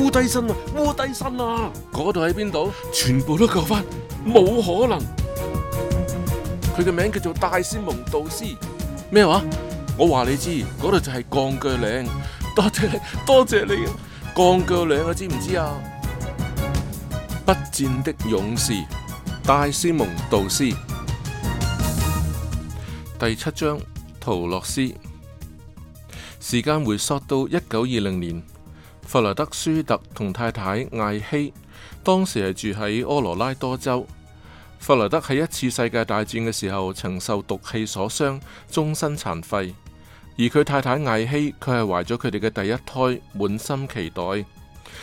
烏低身啊，烏低身啊！嗰度喺邊度？全部都救翻，冇可能。佢嘅名叫做戴斯蒙杜斯，咩話？我話你知，嗰度就係鋼鋸嶺。多謝你，多謝你啊。鋼鋸嶺啊，知唔知啊？不戰的勇士，戴斯蒙杜斯，第七章，桃樂絲。時間回溯到一九二零年。弗萊德舒特同太太艾希當時係住喺俄羅拉多州。弗萊德喺一次世界大戰嘅時候，曾受毒氣所傷，終身殘廢。而佢太太艾希，佢係懷咗佢哋嘅第一胎，滿心期待。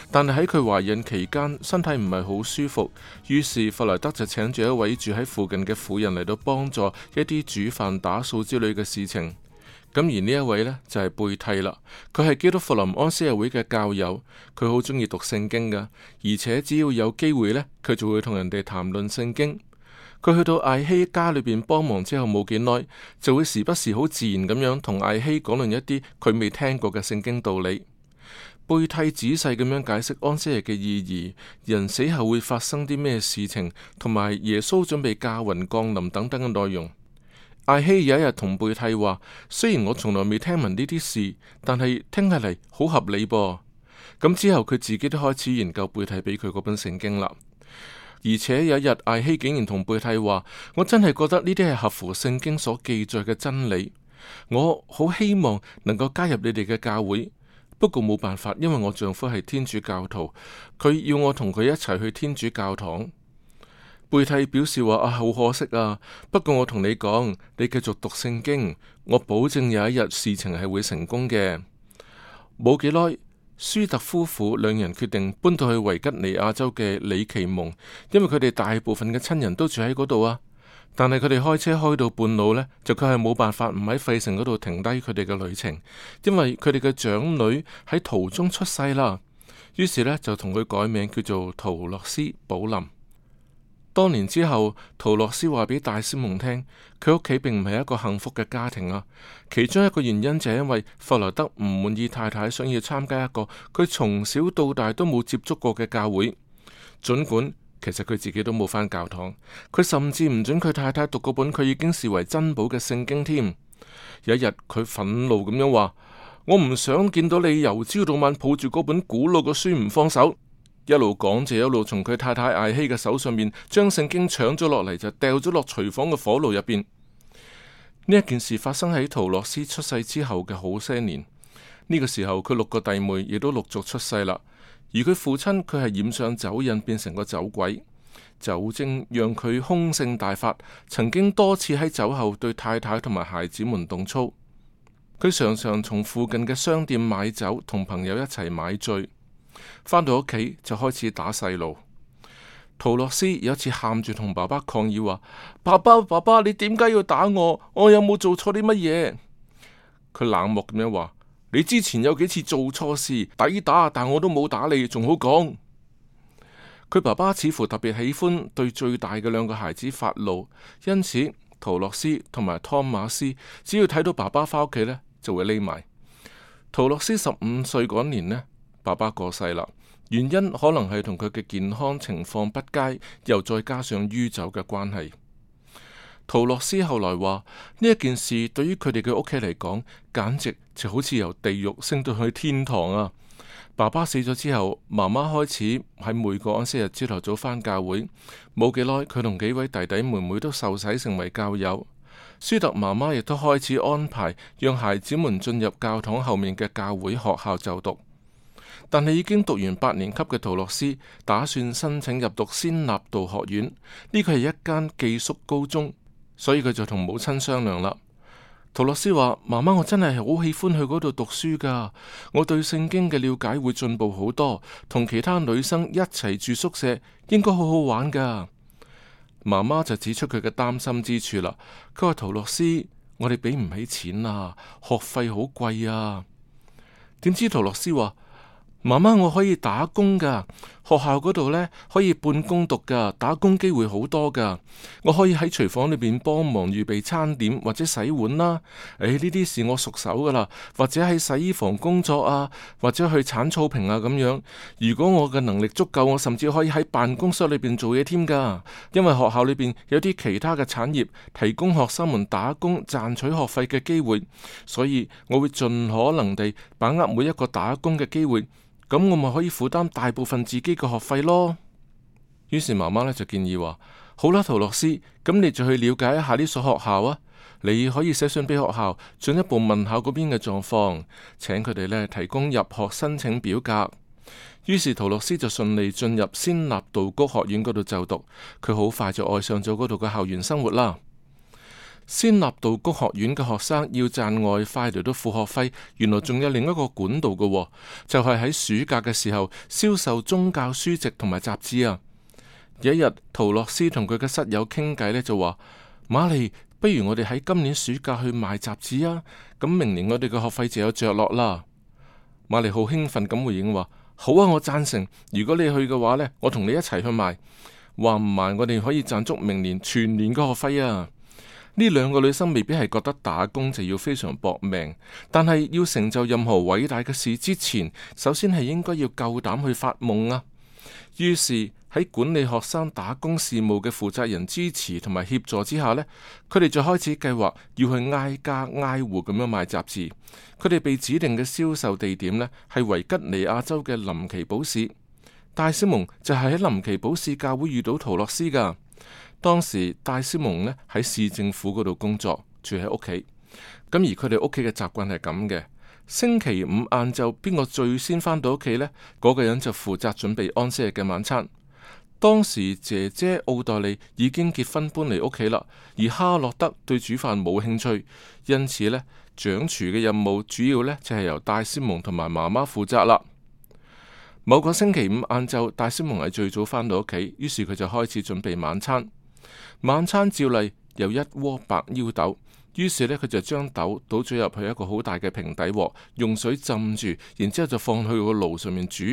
但係喺佢懷孕期間，身體唔係好舒服，於是弗萊德就請住一位住喺附近嘅婦人嚟到幫助一啲煮飯、打掃之類嘅事情。咁而呢一位呢，就係、是、貝替啦，佢係基督復臨安息日會嘅教友，佢好鍾意讀聖經噶，而且只要有機會呢，佢就會同人哋談論聖經。佢去到艾希家裏邊幫忙之後冇幾耐，就會時不時好自然咁樣同艾希講論一啲佢未聽過嘅聖經道理。貝蒂仔細咁樣解釋安息日嘅意義，人死後會發生啲咩事情，同埋耶穌準備駕雲降臨等等嘅內容。艾希有一日同貝蒂話：雖然我從來未聽聞呢啲事，但係聽起嚟好合理噃。咁之後佢自己都開始研究貝蒂俾佢嗰本聖經啦。而且有一日，艾希竟然同貝蒂話：我真係覺得呢啲係合乎聖經所記載嘅真理。我好希望能夠加入你哋嘅教會，不過冇辦法，因為我丈夫係天主教徒，佢要我同佢一齊去天主教堂。貝蒂表示話：啊，好可惜啊！不過我同你講，你繼續讀聖經，我保證有一日事情係會成功嘅。冇幾耐，舒特夫婦兩人決定搬到去維吉尼亞州嘅里奇蒙，因為佢哋大部分嘅親人都住喺嗰度啊。但係佢哋開車開到半路呢，就佢係冇辦法唔喺費城嗰度停低佢哋嘅旅程，因為佢哋嘅長女喺途中出世啦。於是呢，就同佢改名叫做桃樂絲保林。多年之後，桃樂絲話俾戴斯蒙聽，佢屋企並唔係一個幸福嘅家庭啊。其中一個原因就係因為弗萊德唔滿意太太想要參加一個佢從小到大都冇接觸過嘅教會。盡管其實佢自己都冇返教堂，佢甚至唔准佢太太讀嗰本佢已經視為珍寶嘅聖經添。有一日，佢憤怒咁樣話：「我唔想見到你由朝到晚抱住嗰本古老嘅書唔放手。一路講謝，一路從佢太太艾希嘅手上面將聖經搶咗落嚟，就掉咗落廚房嘅火爐入邊。呢一件事發生喺桃樂絲出世之後嘅好些年。呢、這個時候，佢六個弟妹亦都陸續出世啦。而佢父親，佢係染上酒癮，變成個酒鬼。酒精讓佢凶性大發，曾經多次喺酒後對太太同埋孩子們動粗。佢常常從附近嘅商店買酒，同朋友一齊買醉。翻到屋企就開始打細路。桃樂絲有一次喊住同爸爸抗議話：爸爸爸爸，你點解要打我？我有冇做錯啲乜嘢？佢冷漠咁樣話：你之前有幾次做錯事抵打，但我都冇打你，仲好講。佢爸爸似乎特別喜歡對最大嘅兩個孩子發怒，因此桃樂絲同埋湯馬斯只要睇到爸爸翻屋企呢，就會匿埋。桃樂絲十五歲嗰年呢，爸爸過世啦，原因可能係同佢嘅健康情況不佳，又再加上酗酒嘅關係。桃樂絲後來話，呢一件事對於佢哋嘅屋企嚟講，簡直就好似由地獄升到去天堂啊！爸爸死咗之後，媽媽開始喺每個安息日朝頭早返教會，冇幾耐佢同幾位弟弟妹妹都受洗成為教友。舒特媽媽亦都開始安排讓孩子們進入教堂後面嘅教會學校就讀。但係已經讀完八年級嘅桃樂絲，打算申請入讀先立道學院。呢個係一間寄宿高中，所以佢就同母親商量啦。桃樂絲話：媽媽，我真係好喜歡去嗰度讀書噶，我對聖經嘅了解會進步好多，同其他女生一齊住宿舍應該好好玩噶。媽媽就指出佢嘅擔心之處啦。佢話：桃樂絲，我哋俾唔起錢啊，學費好貴啊。點知桃樂絲話。媽媽，我可以打工噶。學校嗰度呢，可以半工讀噶，打工機會好多噶。我可以喺廚房裏邊幫忙預備餐點或者洗碗啦。誒呢啲事我熟手噶啦，或者喺洗衣房工作啊，或者去鏟草坪啊咁樣。如果我嘅能力足夠，我甚至可以喺辦公室裏邊做嘢添噶。因為學校裏邊有啲其他嘅產業提供學生們打工賺取學費嘅機會，所以我會盡可能地把握每一個打工嘅機會。咁我咪可以負擔大部分自己嘅學費咯。於是媽媽咧就建議話：好啦，桃樂絲，咁你就去了解一下呢所學校啊。你可以寫信俾學校，進一步問下嗰邊嘅狀況，請佢哋咧提供入學申請表格。於是桃樂絲就順利進入先納道谷學院嗰度就讀，佢好快就愛上咗嗰度嘅校園生活啦。先立道谷學院嘅學生要賺外快嚟到付學費，原來仲有另一個管道嘅、哦，就係、是、喺暑假嘅時候銷售宗教書籍同埋雜誌啊！有一日，桃樂絲同佢嘅室友傾偈呢，就話：瑪麗，不如我哋喺今年暑假去賣雜誌啊！咁明年我哋嘅學費就有着落啦。瑪麗好興奮咁回應話：好啊，我贊成。如果你去嘅話呢，我同你一齊去賣。話唔埋，我哋可以賺足明年全年嘅學費啊！呢兩個女生未必係覺得打工就要非常搏命，但係要成就任何偉大嘅事之前，首先係應該要夠膽去發夢啊！於是喺管理學生打工事務嘅負責人支持同埋協助之下呢，佢哋就開始計劃要去挨家挨戶咁樣賣雜誌。佢哋被指定嘅銷售地點呢，係維吉尼亞州嘅林奇堡市。戴斯蒙就係喺林奇堡市教會遇到桃樂絲噶。當時戴斯蒙呢喺市政府嗰度工作，住喺屋企。咁而佢哋屋企嘅習慣係咁嘅：星期五晏晝，邊個最先返到屋企呢？嗰、那個人就負責準備安息日嘅晚餐。當時姐姐奧黛莉已經結婚搬嚟屋企啦，而哈洛德對煮飯冇興趣，因此呢，掌廚嘅任務主要呢就係由戴斯蒙同埋媽媽負責啦。某個星期五晏晝，戴斯蒙係最早返到屋企，於是佢就開始準備晚餐。晚餐照例有一鍋白腰豆，於是呢，佢就將豆倒咗入去一個好大嘅平底鑊，用水浸住，然之後就放去個爐上面煮。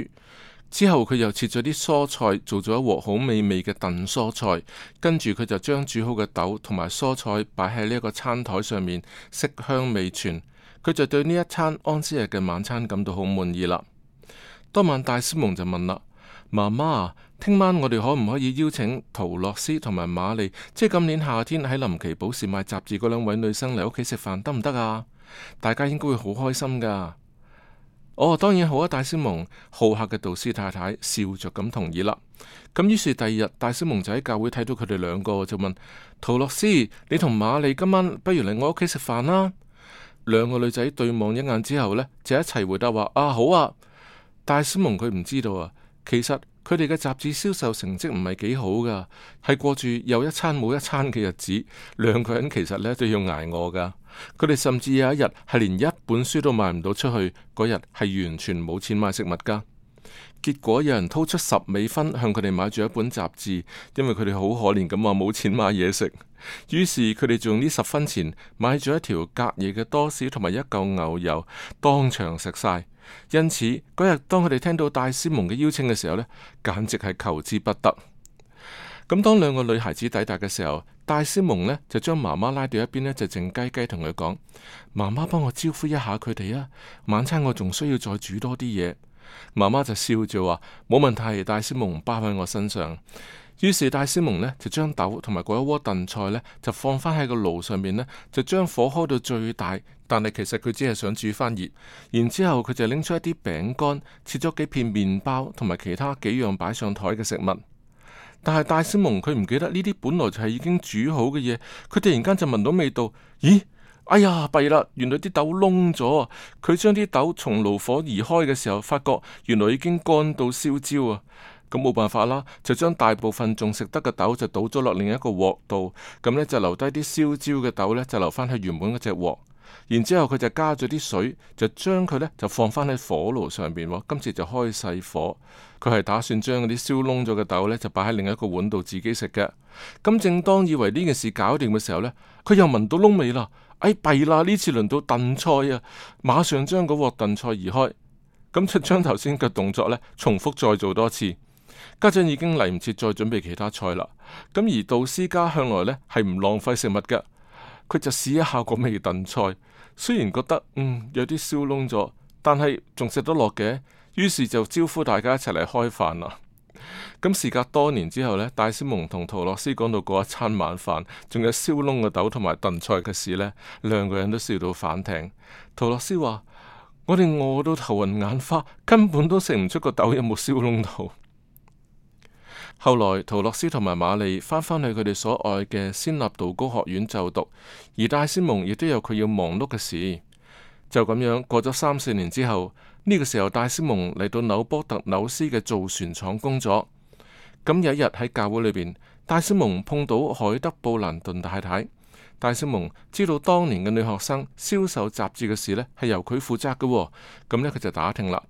之後佢又切咗啲蔬菜，做咗一鍋好美味嘅燉蔬菜。跟住佢就將煮好嘅豆同埋蔬菜擺喺呢一個餐台上面，色香味全。佢就對呢一餐安息日嘅晚餐感，感到好滿意啦。當晚戴斯蒙就問啦：媽媽。聽晚我哋可唔可以邀請桃樂絲同埋瑪麗，即係今年夏天喺林奇堡市賣雜誌嗰兩位女生嚟屋企食飯，得唔得啊？大家應該會好開心噶。哦，當然好啊，戴斯蒙好客嘅導師太太笑着咁同意啦。咁於是第二日，戴斯蒙就喺教會睇到佢哋兩個，就問桃樂絲：你同瑪麗今晚不如嚟我屋企食飯啦？兩個女仔對望一眼之後呢，就一齊回答話：啊，好啊！戴斯蒙佢唔知道啊，其實。佢哋嘅雜誌銷售成績唔係幾好噶，係過住有一餐冇一餐嘅日子。兩個人其實呢都要挨餓噶。佢哋甚至有一日係連一本書都賣唔到出去，嗰日係完全冇錢買食物噶。結果有人掏出十美分向佢哋買咗一本雜誌，因為佢哋好可憐咁話冇錢買嘢食。於是佢哋就用呢十分錢買咗一條隔夜嘅多士同埋一嚿牛油，當場食晒。因此嗰日當佢哋聽到戴斯蒙嘅邀請嘅時候呢，簡直係求之不得。咁當兩個女孩子抵達嘅時候，戴斯蒙呢就將媽媽拉到一邊呢就靜雞雞同佢講：「媽媽幫我招呼一下佢哋啊，晚餐我仲需要再煮多啲嘢。」媽媽就笑住話：「冇問題，戴斯蒙包喺我身上。」於是戴斯蒙呢，就將豆同埋嗰一鍋燉菜呢，就放翻喺個爐上面呢，就將火開到最大，但係其實佢只係想煮翻熱。然之後佢就拎出一啲餅乾，切咗幾片麵包同埋其他幾樣擺上台嘅食物。但係戴斯蒙佢唔記得呢啲本來就係已經煮好嘅嘢，佢突然間就聞到味道，咦？哎呀，弊啦！原來啲豆燶咗啊！佢將啲豆從爐火移開嘅時候，發覺原來已經乾到燒焦啊！咁冇辦法啦，就將大部分仲食得嘅豆就倒咗落另一個鑊度，咁呢，就留低啲燒焦嘅豆呢，就留翻喺原本嗰隻鑊。然之後佢就加咗啲水，就將佢呢，就放翻喺火爐上面，哦。今次就開細火，佢係打算將嗰啲燒燶咗嘅豆呢，就擺喺另一個碗度自己食嘅。咁正當以為呢件事搞掂嘅時候呢，佢又聞到燶味啦，哎弊啦！呢次輪到燉菜啊，馬上將個鑊燉菜移開，咁就將頭先嘅動作呢，重複再做多次。家長已經嚟唔切，再準備其他菜啦。咁而導師家向來呢係唔浪費食物㗎，佢就試一下個味燉菜。雖然覺得嗯有啲燒燶咗，但係仲食得落嘅。於是就招呼大家一齊嚟開飯啦。咁、嗯、事隔多年之後呢，戴斯蒙同桃樂絲講到嗰一餐晚飯，仲有燒燶嘅豆同埋燉菜嘅事呢，兩個人都笑到反艇。桃樂絲話：我哋餓到頭暈眼花，根本都食唔出個豆有冇燒燶到。後來，桃樂絲同埋瑪麗翻返去佢哋所愛嘅先立道高學院就讀，而戴斯蒙亦都有佢要忙碌嘅事。就咁樣過咗三四年之後，呢個時候戴斯蒙嚟到紐波特紐斯嘅造船廠工作。咁有一日喺教會裏邊，戴斯蒙碰到海德布蘭頓太太。戴斯蒙知道當年嘅女學生銷售雜誌嘅事咧，係由佢負責嘅。咁咧，佢就打聽啦。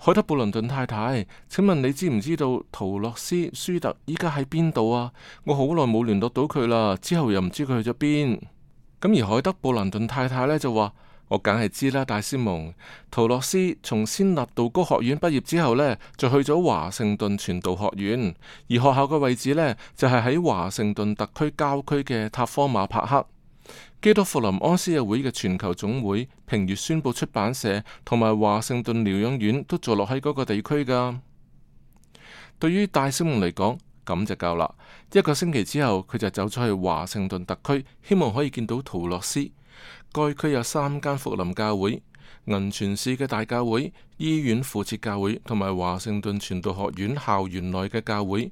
海德布倫頓太太，請問你知唔知道陶洛斯舒特依家喺邊度啊？我好耐冇聯絡到佢啦，之後又唔知佢去咗邊咁。而海德布倫頓太太呢，就話：我梗係知啦，戴斯蒙陶洛斯從仙納道高學院畢業之後呢，就去咗華盛頓傳道學院，而學校嘅位置呢，就係喺華盛頓特區郊區嘅塔科馬帕克。基督復臨安息日會嘅全球總會、平月宣布出版社同埋華盛頓療養院都坐落喺嗰個地區噶。對於戴斯蒙嚟講，咁就夠啦。一個星期之後，佢就走咗去華盛頓特區，希望可以見到桃樂絲。該區有三間復臨教會。銀泉市嘅大教會、醫院附設教會同埋華盛頓傳道學院校園內嘅教會，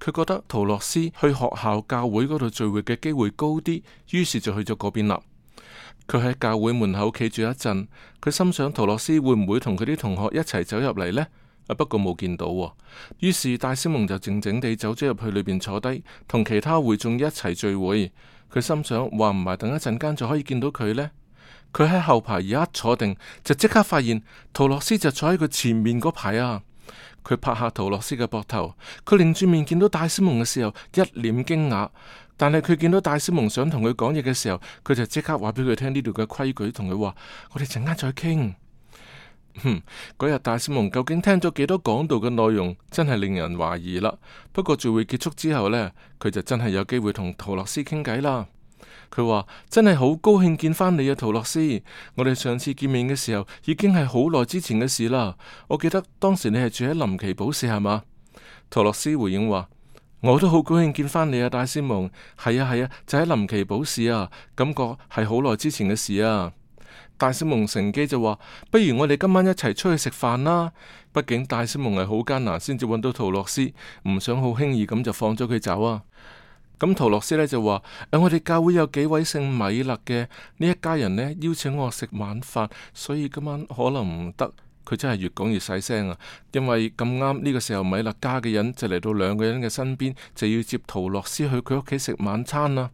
佢覺得桃樂絲去學校教會嗰度聚會嘅機會高啲，於是就去咗嗰邊啦。佢喺教會門口企住一陣，佢心想桃樂絲會唔會同佢啲同學一齊走入嚟呢？啊，不過冇見到，哦，於是戴斯蒙就靜靜地走咗入去裏邊坐低，同其他會眾一齊聚會。佢心想：話唔埋，等一陣間就可以見到佢呢。佢喺後排而一坐定，就即刻發現桃樂絲就坐喺佢前面嗰排啊！佢拍下桃樂絲嘅膊頭，佢擰住面見到戴斯蒙嘅時候，一臉驚訝。但係佢見到戴斯蒙想同佢講嘢嘅時候，佢就即刻話俾佢聽呢度嘅規矩，同佢話：我哋陣間再傾。哼，嗰日戴斯蒙究竟聽咗幾多講道嘅內容，真係令人懷疑啦。不過聚會結束之後呢，佢就真係有機會同桃樂絲傾偈啦。佢話真係好高興見翻你啊，桃樂絲。我哋上次見面嘅時候，已經係好耐之前嘅事啦。我記得當時你係住喺林奇堡市係嘛？桃樂絲回應話：我都好高興見翻你啊，戴斯蒙。係啊係啊，係啊，就喺、是、林奇堡市啊，感覺係好耐之前嘅事啊。戴斯蒙乘機就話：不如我哋今晚一齊出去食飯啦。畢竟戴斯蒙係好艱難先至揾到桃樂絲，唔想好輕易咁就放咗佢走啊。咁桃樂絲呢就話：誒，我哋教會有幾位姓米勒嘅呢一家人呢邀請我食晚飯，所以今晚可能唔得。佢真係越講越細聲啊！因為咁啱呢個時候，米勒家嘅人就嚟到兩個人嘅身邊，就要接桃樂絲去佢屋企食晚餐啦。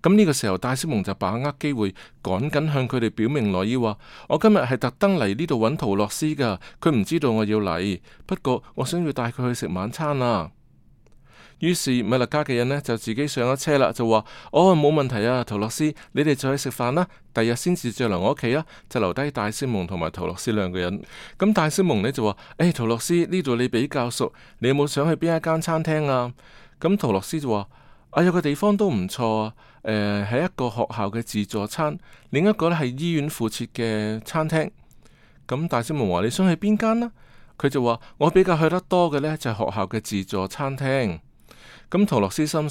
咁呢個時候，戴斯蒙就把握機會，趕緊向佢哋表明來意：話我今日係特登嚟呢度揾桃樂絲㗎，佢唔知道我要嚟，不過我想要帶佢去食晚餐啦。於是米勒家嘅人呢，就自己上咗車啦，就話：我、哦、冇問題啊，桃樂絲，你哋就去食飯啦。第日先至再嚟我屋企啊，就留低戴斯蒙同埋桃樂絲兩個人。咁戴斯蒙、哎、戴斯蒙呢，就話：誒桃樂絲呢度你比較熟，你有冇想去邊一間餐廳啊？咁桃樂絲就話：我、啊、有個地方都唔錯，誒、呃、係一個學校嘅自助餐，另一個咧係醫院附設嘅餐廳。咁戴斯蒙話：你想去邊間呢？佢就話：我比較去得多嘅呢，就係、是、學校嘅自助餐廳。咁桃樂絲心想，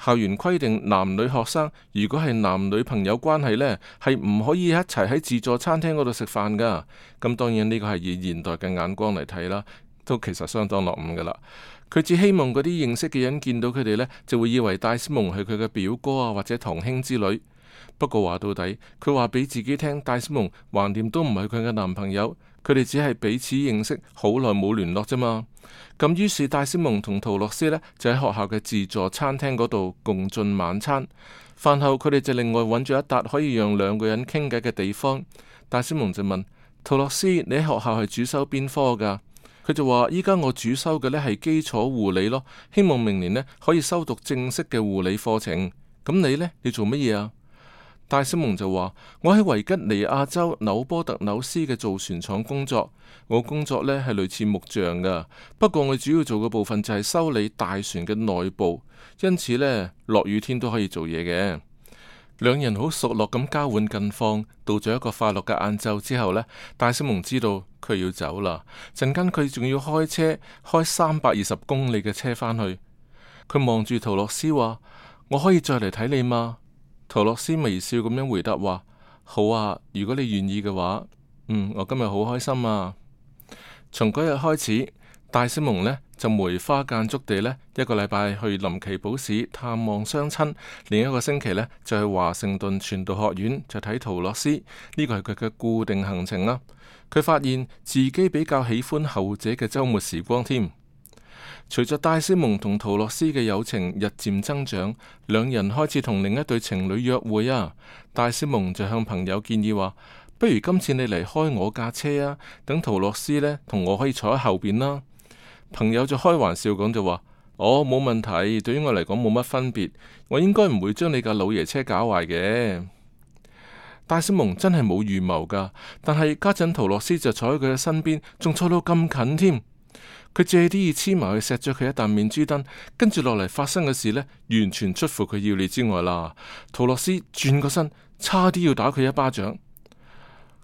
校園規定男女學生如果係男女朋友關係呢，係唔可以一齊喺自助餐廳嗰度食飯噶。咁當然呢個係以現代嘅眼光嚟睇啦，都其實相當落伍噶啦。佢只希望嗰啲認識嘅人見到佢哋呢，就會以為戴斯蒙係佢嘅表哥啊或者堂兄之類。不過話到底，佢話俾自己聽，戴斯蒙橫掂都唔係佢嘅男朋友。佢哋只係彼此認識，好耐冇聯絡啫嘛。咁於是戴斯蒙同桃樂絲呢，就喺學校嘅自助餐廳嗰度共進晚餐。飯後佢哋就另外揾咗一笪可以讓兩個人傾偈嘅地方。戴斯蒙就問桃樂絲：你喺學校係主修邊科噶？佢就話：依家我主修嘅呢係基礎護理咯，希望明年呢可以修讀正式嘅護理課程。咁你呢，要做乜嘢啊？戴斯蒙就話：我喺維吉尼亞州紐波特紐斯嘅造船廠工作，我工作呢係類似木匠噶，不過我主要做嘅部分就係修理大船嘅內部，因此呢，落雨天都可以做嘢嘅。兩人好熟絡咁交換近況，到咗一個快樂嘅晏晝之後呢，戴斯蒙知道佢要走啦，陣間佢仲要開車開三百二十公里嘅車返去。佢望住桃樂絲話：我可以再嚟睇你嗎？桃樂絲微笑咁樣回答，話好啊，如果你願意嘅話，嗯，我今日好開心啊。從嗰日開始，戴斯蒙呢就梅花間竹地呢一個禮拜去林奇堡市探望雙親，另一個星期呢就去華盛頓傳道學院就睇桃樂絲呢，呢個係佢嘅固定行程啦，啊。佢發現自己比較喜歡後者嘅周末時光添。隨着戴斯蒙同桃樂絲嘅友情日漸增長，兩人開始同另一對情侶約會啊！戴斯蒙就向朋友建議話：不如今次你嚟開我架車啊，等桃樂絲呢同我可以坐喺後邊啦。朋友就開玩笑講就話：哦，冇問題，對於我嚟講冇乜分別，我應該唔會將你架老爺車搞壞嘅。戴斯蒙真係冇預謀㗎，但係家陣桃樂絲就坐喺佢嘅身邊，仲坐到咁近添。佢借啲意黐埋去錫咗佢一啖面珠燈，跟住落嚟發生嘅事呢，完全出乎佢意料之外啦。桃樂絲轉個身，差啲要打佢一巴掌。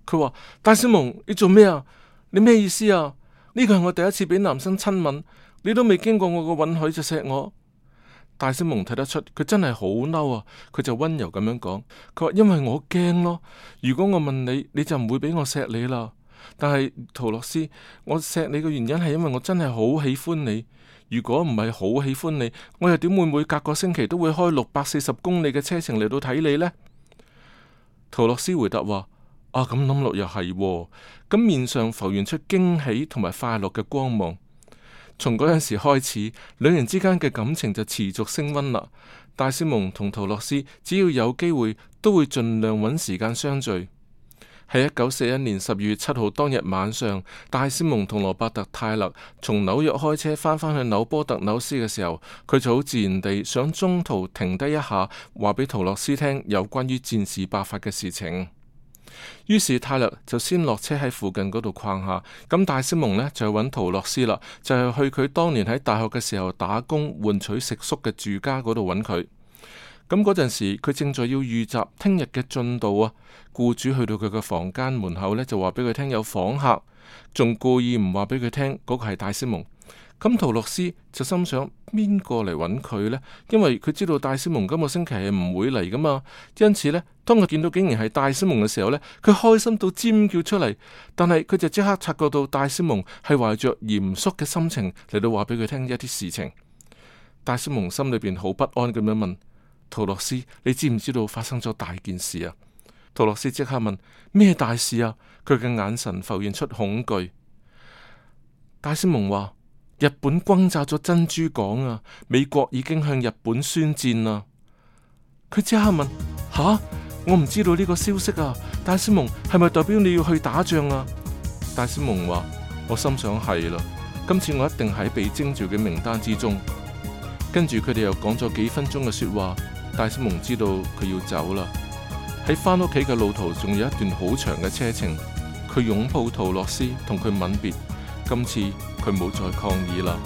佢話，戴斯蒙，你做咩啊？你咩意思啊？呢、這個係我第一次俾男生親吻，你都未經過我嘅允許就錫我。戴斯蒙睇得出佢真係好嬲啊，佢就温柔咁樣講，佢話，因為我驚咯，如果我問你，你就唔會俾我錫你啦。但係桃樂絲，我錫你嘅原因係因為我真係好喜歡你。如果唔係好喜歡你，我又點會每隔個星期都會開六百四十公里嘅車程嚟到睇你呢？桃樂絲回答話：啊，咁諗落又係喎，咁面上浮現出驚喜同埋快樂嘅光芒。從嗰陣時開始，兩人之間嘅感情就持續升温啦。戴斯蒙同桃樂絲只要有機會，都會盡量揾時間相聚。喺一九四一年十二月七號當日晚上，戴斯蒙同羅伯特泰勒從紐約開車翻返去紐波特紐斯嘅時候，佢就好自然地想中途停低一下，話俾陶洛斯聽有關於戰事爆發嘅事情。於是泰勒就先落車喺附近嗰度逛下，咁戴斯蒙呢，就去揾陶洛斯啦，就係去佢當年喺大學嘅時候打工換取食宿嘅住家嗰度揾佢。咁嗰陣時，佢正在要預習聽日嘅進度啊。僱主去到佢嘅房間門口呢，就話俾佢聽有訪客，仲故意唔話俾佢聽嗰個係戴斯蒙。咁桃樂絲就心想邊個嚟揾佢呢？因為佢知道戴斯蒙今個星期係唔會嚟噶嘛。因此呢，當佢見到竟然係戴斯蒙嘅時候呢，佢開心到尖叫出嚟。但係佢就即刻察覺到戴斯蒙係懷着嚴肅嘅心情嚟到話俾佢聽一啲事情。戴斯蒙心裏邊好不安咁樣問。桃樂絲，你知唔知道發生咗大件事啊？桃樂絲即刻問咩大事啊？佢嘅眼神浮現出恐懼。戴斯蒙話：日本轟炸咗珍珠港啊！美國已經向日本宣戰啦！佢即刻問：吓，我唔知道呢個消息啊！戴斯蒙係咪代表你要去打仗啊？戴斯蒙話：我心想係啦，今次我一定喺被徵召嘅名單之中。跟住佢哋又講咗幾分鐘嘅說話。戴斯蒙知道佢要走啦，喺返屋企嘅路途仲有一段好長嘅車程，佢擁抱桃樂絲，同佢吻別。今次佢冇再抗議啦。